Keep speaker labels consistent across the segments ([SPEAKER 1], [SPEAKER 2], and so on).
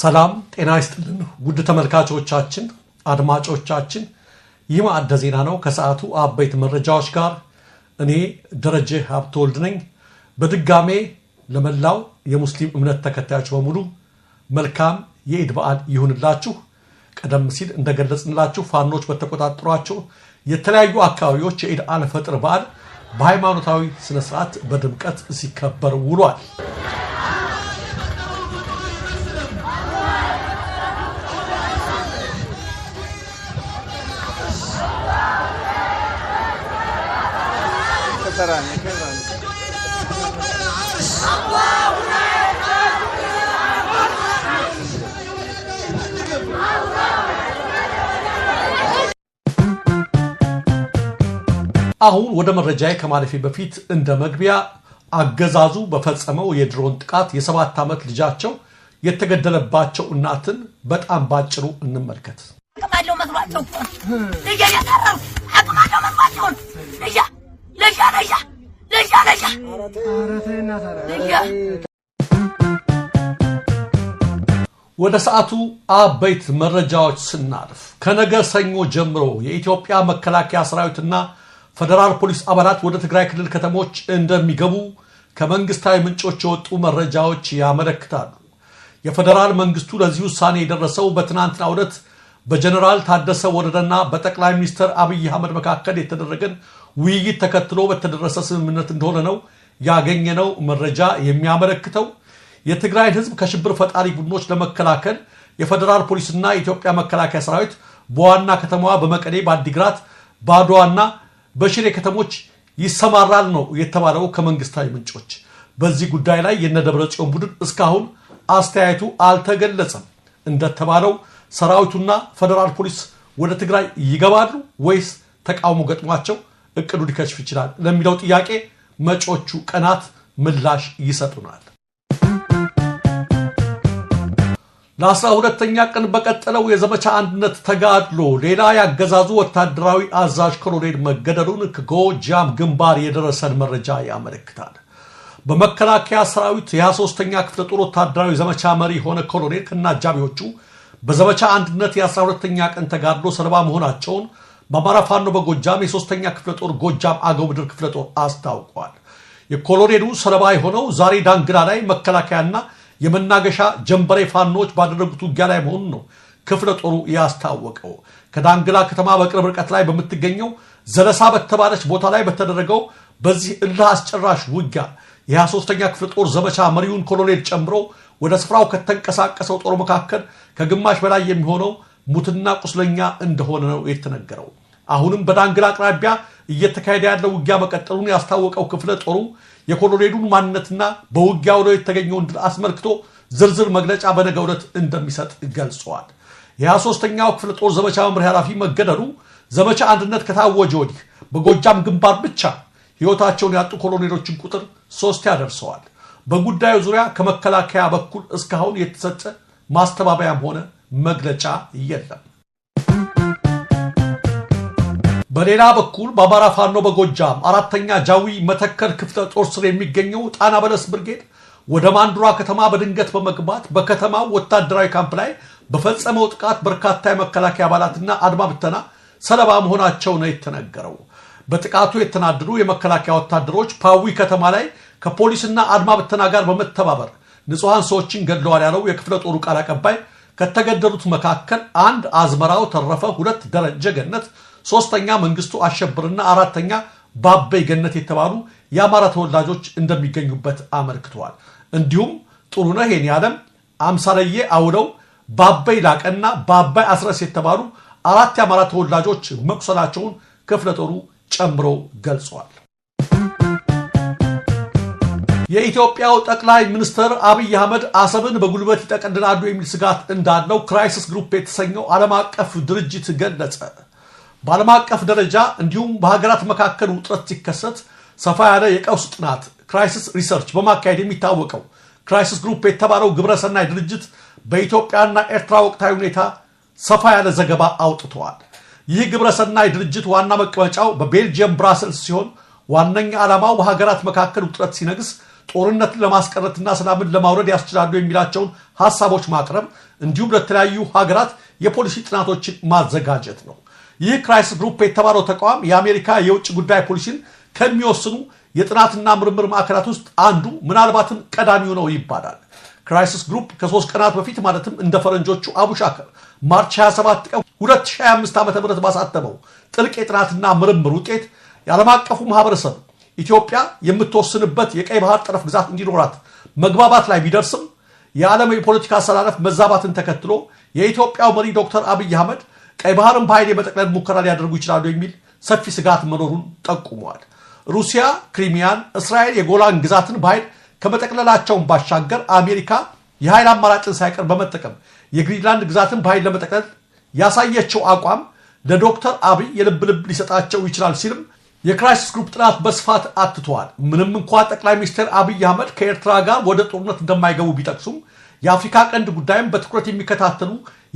[SPEAKER 1] ሰላም ጤና ይስጥልን ውድ ተመልካቾቻችን፣ አድማጮቻችን፣ ይህ ማዕደ ዜና ነው። ከሰዓቱ አበይት መረጃዎች ጋር እኔ ደረጀ ሀብተወልድ ነኝ። በድጋሜ ለመላው የሙስሊም እምነት ተከታዮች በሙሉ መልካም የኢድ በዓል ይሁንላችሁ። ቀደም ሲል እንደገለጽንላችሁ ፋኖች በተቆጣጠሯቸው የተለያዩ አካባቢዎች የኢድ አልፈጥር በዓል በሃይማኖታዊ ስነስርዓት በድምቀት ሲከበር ውሏል። አሁን ወደ መረጃዬ ከማለፌ በፊት እንደ መግቢያ አገዛዙ በፈጸመው የድሮን ጥቃት የሰባት ዓመት ልጃቸው የተገደለባቸው እናትን በጣም ባጭሩ እንመልከት። አቅማለሁ ልጄ የቀረው አቅማለሁ ልጄ ለሻ ለሻ ለሻ ለሻ ወደ ሰዓቱ አበይት መረጃዎች ስናልፍ ከነገ ሰኞ ጀምሮ የኢትዮጵያ መከላከያ ሰራዊትና ፌዴራል ፖሊስ አባላት ወደ ትግራይ ክልል ከተሞች እንደሚገቡ ከመንግስታዊ ምንጮች የወጡ መረጃዎች ያመለክታሉ። የፌዴራል መንግስቱ ለዚህ ውሳኔ የደረሰው በትናንትና ዕለት በጀኔራል ታደሰ ወረደና በጠቅላይ ሚኒስትር አብይ አህመድ መካከል የተደረገን ውይይት ተከትሎ በተደረሰ ስምምነት እንደሆነ ነው ያገኘነው መረጃ የሚያመለክተው። የትግራይን ህዝብ ከሽብር ፈጣሪ ቡድኖች ለመከላከል የፌዴራል ፖሊስና የኢትዮጵያ መከላከያ ሰራዊት በዋና ከተማዋ በመቀሌ፣ በአዲግራት፣ በአድዋና በሽሬ ከተሞች ይሰማራል ነው የተባለው ከመንግስታዊ ምንጮች። በዚህ ጉዳይ ላይ የነደብረ ጽዮን ቡድን እስካሁን አስተያየቱ አልተገለጸም። እንደተባለው ሰራዊቱና ፌዴራል ፖሊስ ወደ ትግራይ ይገባሉ ወይስ ተቃውሞ ገጥሟቸው እቅዱ ሊከሽፍ ይችላል ለሚለው ጥያቄ መጪዎቹ ቀናት ምላሽ ይሰጡናል። ለአስራ ሁለተኛ ቀን በቀጠለው የዘመቻ አንድነት ተጋድሎ ሌላ ያገዛዙ ወታደራዊ አዛዥ ኮሎኔል መገደሉን ከጎጃም ግንባር የደረሰን መረጃ ያመለክታል። በመከላከያ ሰራዊት የ23ኛ ክፍለ ጦር ወታደራዊ ዘመቻ መሪ የሆነ ኮሎኔል ከነ አጃቢዎቹ በዘመቻ አንድነት የ12ኛ ቀን ተጋድሎ ሰለባ መሆናቸውን በአማራ ፋኖ በጎጃም የሶስተኛ ክፍለ ጦር ጎጃም አገው ምድር ክፍለ ጦር አስታውቋል። የኮሎኔሉ ሰለባ የሆነው ዛሬ ዳንግላ ላይ መከላከያና የመናገሻ ጀንበሬ ፋኖዎች ባደረጉት ውጊያ ላይ መሆኑ ነው ክፍለ ጦሩ ያስታወቀው። ከዳንግላ ከተማ በቅርብ ርቀት ላይ በምትገኘው ዘለሳ በተባለች ቦታ ላይ በተደረገው በዚህ እልህ አስጨራሽ ውጊያ የ23ኛ ክፍለ ጦር ዘመቻ መሪውን ኮሎኔል ጨምሮ ወደ ስፍራው ከተንቀሳቀሰው ጦር መካከል ከግማሽ በላይ የሚሆነው ሙትና ቁስለኛ እንደሆነ ነው የተነገረው። አሁንም በዳንግል አቅራቢያ እየተካሄደ ያለው ውጊያ መቀጠሉን ያስታወቀው ክፍለ ጦሩ የኮሎኔሉን ማንነትና በውጊያው ላይ የተገኘውን ድል አስመልክቶ ዝርዝር መግለጫ በነገ ዕለት እንደሚሰጥ ገልጸዋል። የ23ኛው ክፍለ ጦር ዘመቻ መምሪያ ኃላፊ መገደሉ ዘመቻ አንድነት ከታወጀ ወዲህ በጎጃም ግንባር ብቻ ሕይወታቸውን ያጡ ኮሎኔሎችን ቁጥር ሶስት ያደርሰዋል። በጉዳዩ ዙሪያ ከመከላከያ በኩል እስካሁን የተሰጠ ማስተባበያም ሆነ መግለጫ የለም። በሌላ በኩል በአማራ ፋኖ በጎጃም አራተኛ ጃዊ መተከል ክፍለ ጦር ስር የሚገኘው ጣና በለስ ብርጌድ ወደ ማንዱራ ከተማ በድንገት በመግባት በከተማው ወታደራዊ ካምፕ ላይ በፈጸመው ጥቃት በርካታ የመከላከያ አባላትና አድማ ብተና ሰለባ መሆናቸው ነው የተነገረው። በጥቃቱ የተናደዱ የመከላከያ ወታደሮች ፓዊ ከተማ ላይ ከፖሊስና አድማ ብተና ጋር በመተባበር ንጹሐን ሰዎችን ገድለዋል ያለው የክፍለ ጦሩ ቃል አቀባይ ከተገደሉት መካከል አንድ አዝመራው ተረፈ፣ ሁለት ደረጀ ገነት፣ ሶስተኛ መንግስቱ አሸብርና አራተኛ ባበይ ገነት የተባሉ የአማራ ተወላጆች እንደሚገኙበት አመልክተዋል። እንዲሁም ጥሩነህ የኔዓለም፣ አምሳለዬ አውለው፣ ባበይ ላቀና ባባይ አስረስ የተባሉ አራት የአማራ ተወላጆች መቁሰላቸውን ክፍለ ጦሩ ጨምሮ ገልጸዋል። የኢትዮጵያው ጠቅላይ ሚኒስትር አብይ አህመድ አሰብን በጉልበት ይጠቀልላሉ የሚል ስጋት እንዳለው ክራይሲስ ግሩፕ የተሰኘው ዓለም አቀፍ ድርጅት ገለጸ። በዓለም አቀፍ ደረጃ እንዲሁም በሀገራት መካከል ውጥረት ሲከሰት ሰፋ ያለ የቀውስ ጥናት ክራይሲስ ሪሰርች በማካሄድ የሚታወቀው ክራይሲስ ግሩፕ የተባለው ግብረሰናይ ድርጅት በኢትዮጵያና ኤርትራ ወቅታዊ ሁኔታ ሰፋ ያለ ዘገባ አውጥተዋል። ይህ ግብረሰናይ ድርጅት ዋና መቀመጫው በቤልጅየም ብራሰልስ ሲሆን ዋነኛ ዓላማው በሀገራት መካከል ውጥረት ሲነግስ ጦርነትን ለማስቀረትና ሰላምን ለማውረድ ያስችላሉ የሚላቸውን ሀሳቦች ማቅረብ እንዲሁም ለተለያዩ ሀገራት የፖሊሲ ጥናቶችን ማዘጋጀት ነው። ይህ ክራይስት ግሩፕ የተባለው ተቋም የአሜሪካ የውጭ ጉዳይ ፖሊሲን ከሚወስኑ የጥናትና ምርምር ማዕከላት ውስጥ አንዱ ምናልባትም ቀዳሚው ነው ይባላል። ክራይሲስ ግሩፕ ከሶስት ቀናት በፊት ማለትም እንደ ፈረንጆቹ አቡሻከር ማርች 27 ቀን 2025 ዓ ም ባሳተመው ጥልቅ የጥናትና ምርምር ውጤት የዓለም አቀፉ ማህበረሰብ ኢትዮጵያ የምትወስንበት የቀይ ባህር ጠረፍ ግዛት እንዲኖራት መግባባት ላይ ቢደርስም የዓለም የፖለቲካ አሰላለፍ መዛባትን ተከትሎ የኢትዮጵያው መሪ ዶክተር አብይ አህመድ ቀይ ባህርን በኃይል የመጠቅለል ሙከራ ሊያደርጉ ይችላሉ የሚል ሰፊ ስጋት መኖሩን ጠቁመዋል። ሩሲያ ክሪሚያን፣ እስራኤል የጎላን ግዛትን በኃይል ከመጠቅለላቸውን ባሻገር አሜሪካ የኃይል አማራጭን ሳይቀር በመጠቀም የግሪንላንድ ግዛትን በኃይል ለመጠቅለል ያሳየችው አቋም ለዶክተር አብይ የልብ ልብ ሊሰጣቸው ይችላል ሲልም የክራይሲስ ግሩፕ ጥናት በስፋት አትተዋል። ምንም እንኳ ጠቅላይ ሚኒስትር አብይ አህመድ ከኤርትራ ጋር ወደ ጦርነት እንደማይገቡ ቢጠቅሱም የአፍሪካ ቀንድ ጉዳይም በትኩረት የሚከታተሉ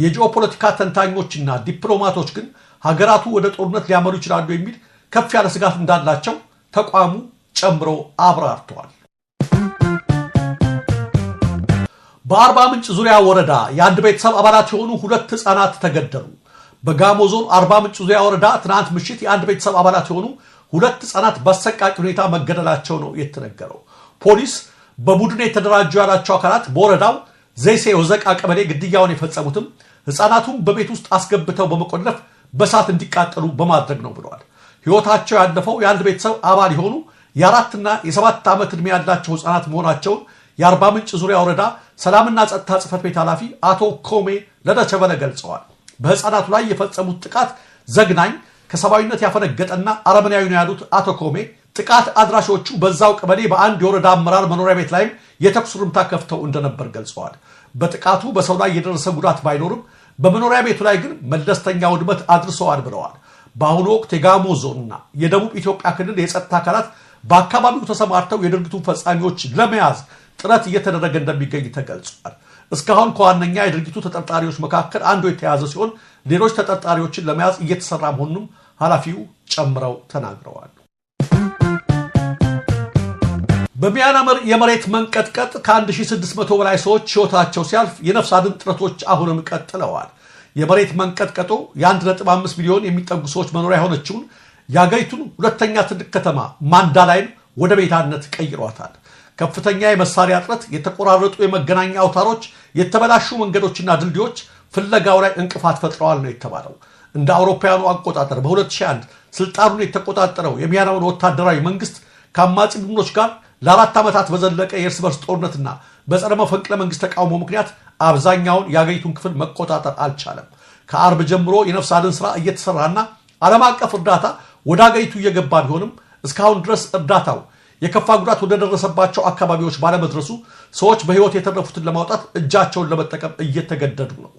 [SPEAKER 1] የጂኦፖለቲካ ተንታኞችና ዲፕሎማቶች ግን ሀገራቱ ወደ ጦርነት ሊያመሩ ይችላሉ የሚል ከፍ ያለ ስጋት እንዳላቸው ተቋሙ ጨምሮ አብራርተዋል። በአርባ ምንጭ ዙሪያ ወረዳ የአንድ ቤተሰብ አባላት የሆኑ ሁለት ሕፃናት ተገደሉ። በጋሞ ዞን አርባ ምንጭ ዙሪያ ወረዳ ትናንት ምሽት የአንድ ቤተሰብ አባላት የሆኑ ሁለት ህጻናት በአሰቃቂ ሁኔታ መገደላቸው ነው የተነገረው። ፖሊስ በቡድን የተደራጁ ያላቸው አካላት በወረዳው ዘይሴ ወዘቃ ቀበሌ ግድያውን የፈጸሙትም ህፃናቱን በቤት ውስጥ አስገብተው በመቆለፍ በእሳት እንዲቃጠሉ በማድረግ ነው ብለዋል። ህይወታቸው ያለፈው የአንድ ቤተሰብ አባል የሆኑ የአራትና የሰባት ዓመት ዕድሜ ያላቸው ህፃናት መሆናቸውን የአርባ ምንጭ ዙሪያ ወረዳ ሰላምና ጸጥታ ጽፈት ቤት ኃላፊ አቶ ኮሜ ለደቸበለ ገልጸዋል። በህፃናቱ ላይ የፈጸሙት ጥቃት ዘግናኝ ከሰብአዊነት ያፈነገጠና አረመኔያዊ ነው ያሉት አቶ ኮሜ ጥቃት አድራሾቹ በዛው ቀበሌ በአንድ የወረዳ አመራር መኖሪያ ቤት ላይም የተኩስ ርምታ ከፍተው እንደነበር ገልጸዋል። በጥቃቱ በሰው ላይ የደረሰ ጉዳት ባይኖርም በመኖሪያ ቤቱ ላይ ግን መለስተኛ ውድመት አድርሰዋል ብለዋል። በአሁኑ ወቅት የጋሞ ዞንና የደቡብ ኢትዮጵያ ክልል የጸጥታ አካላት በአካባቢው ተሰማርተው የድርጊቱ ፈጻሚዎች ለመያዝ ጥረት እየተደረገ እንደሚገኝ ተገልጿል። እስካሁን ከዋነኛ የድርጊቱ ተጠርጣሪዎች መካከል አንዱ የተያዘ ሲሆን ሌሎች ተጠርጣሪዎችን ለመያዝ እየተሰራ መሆኑንም ኃላፊው ጨምረው ተናግረዋል። በሚያናምር የመሬት መንቀጥቀጥ ከ1600 በላይ ሰዎች ሕይወታቸው ሲያልፍ የነፍስ አድን ጥረቶች አሁንም ቀጥለዋል። የመሬት መንቀጥቀጡ የ1.5 ሚሊዮን የሚጠጉ ሰዎች መኖሪያ የሆነችውን የአገሪቱን ሁለተኛ ትልቅ ከተማ ማንዳላይን ወደ ቤታነት ቀይሯታል። ከፍተኛ የመሳሪያ እጥረት፣ የተቆራረጡ የመገናኛ አውታሮች፣ የተበላሹ መንገዶችና ድልድዮች ፍለጋው ላይ እንቅፋት ፈጥረዋል ነው የተባለው። እንደ አውሮፓውያኑ አቆጣጠር በ2001 ስልጣኑን የተቆጣጠረው የሚያናውን ወታደራዊ መንግስት ከአማጺ ቡድኖች ጋር ለአራት ዓመታት በዘለቀ የእርስ በርስ ጦርነትና በጸረ መፈንቅለ መንግስት ተቃውሞ ምክንያት አብዛኛውን የአገሪቱን ክፍል መቆጣጠር አልቻለም። ከአርብ ጀምሮ የነፍስ አድን ስራ እየተሰራና ዓለም አቀፍ እርዳታ ወደ አገሪቱ እየገባ ቢሆንም እስካሁን ድረስ እርዳታው የከፋ ጉዳት ወደደረሰባቸው አካባቢዎች ባለመድረሱ ሰዎች በሕይወት የተረፉትን ለማውጣት እጃቸውን ለመጠቀም እየተገደዱ ነው።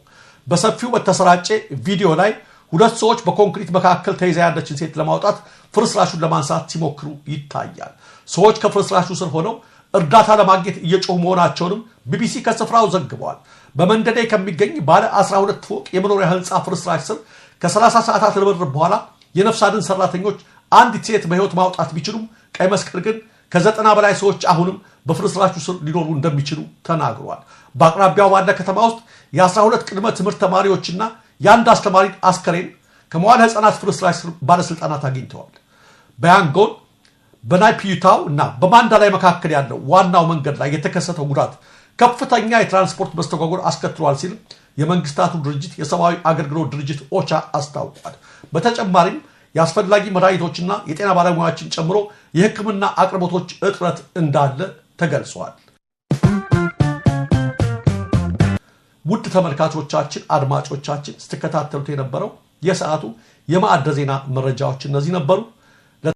[SPEAKER 1] በሰፊው በተሰራጨ ቪዲዮ ላይ ሁለት ሰዎች በኮንክሪት መካከል ተይዛ ያለችን ሴት ለማውጣት ፍርስራሹን ለማንሳት ሲሞክሩ ይታያል። ሰዎች ከፍርስራሹ ስር ሆነው እርዳታ ለማግኘት እየጮሁ መሆናቸውንም ቢቢሲ ከስፍራው ዘግበዋል። በመንደዴ ከሚገኝ ባለ 12 ፎቅ የመኖሪያ ህንፃ ፍርስራሽ ስር ከ30 ሰዓታት ርብርብ በኋላ የነፍስ አድን ሰራተኞች አንዲት ሴት በህይወት ማውጣት ቢችሉም ቀይ መስቀል ግን ከዘጠና በላይ ሰዎች አሁንም በፍርስራሹ ስር ሊኖሩ እንደሚችሉ ተናግሯል። በአቅራቢያው ባለ ከተማ ውስጥ የ12 ቅድመ ትምህርት ተማሪዎችና የአንድ አስተማሪ አስከሬን ከመዋለ ህፃናት ፍርስራሽ ባለስልጣናት አግኝተዋል። በያንጎን በናይፒዩታው እና በማንዳላይ መካከል ያለው ዋናው መንገድ ላይ የተከሰተው ጉዳት ከፍተኛ የትራንስፖርት መስተጓጎል አስከትሏል ሲል የመንግስታቱ ድርጅት የሰብአዊ አገልግሎት ድርጅት ኦቻ አስታውቋል። በተጨማሪም የአስፈላጊ መድኃኒቶችና የጤና ባለሙያዎችን ጨምሮ የሕክምና አቅርቦቶች እጥረት እንዳለ ተገልጿል። ውድ ተመልካቾቻችን፣ አድማጮቻችን ስትከታተሉት የነበረው የሰዓቱ የማዕደ ዜና መረጃዎች እነዚህ ነበሩ።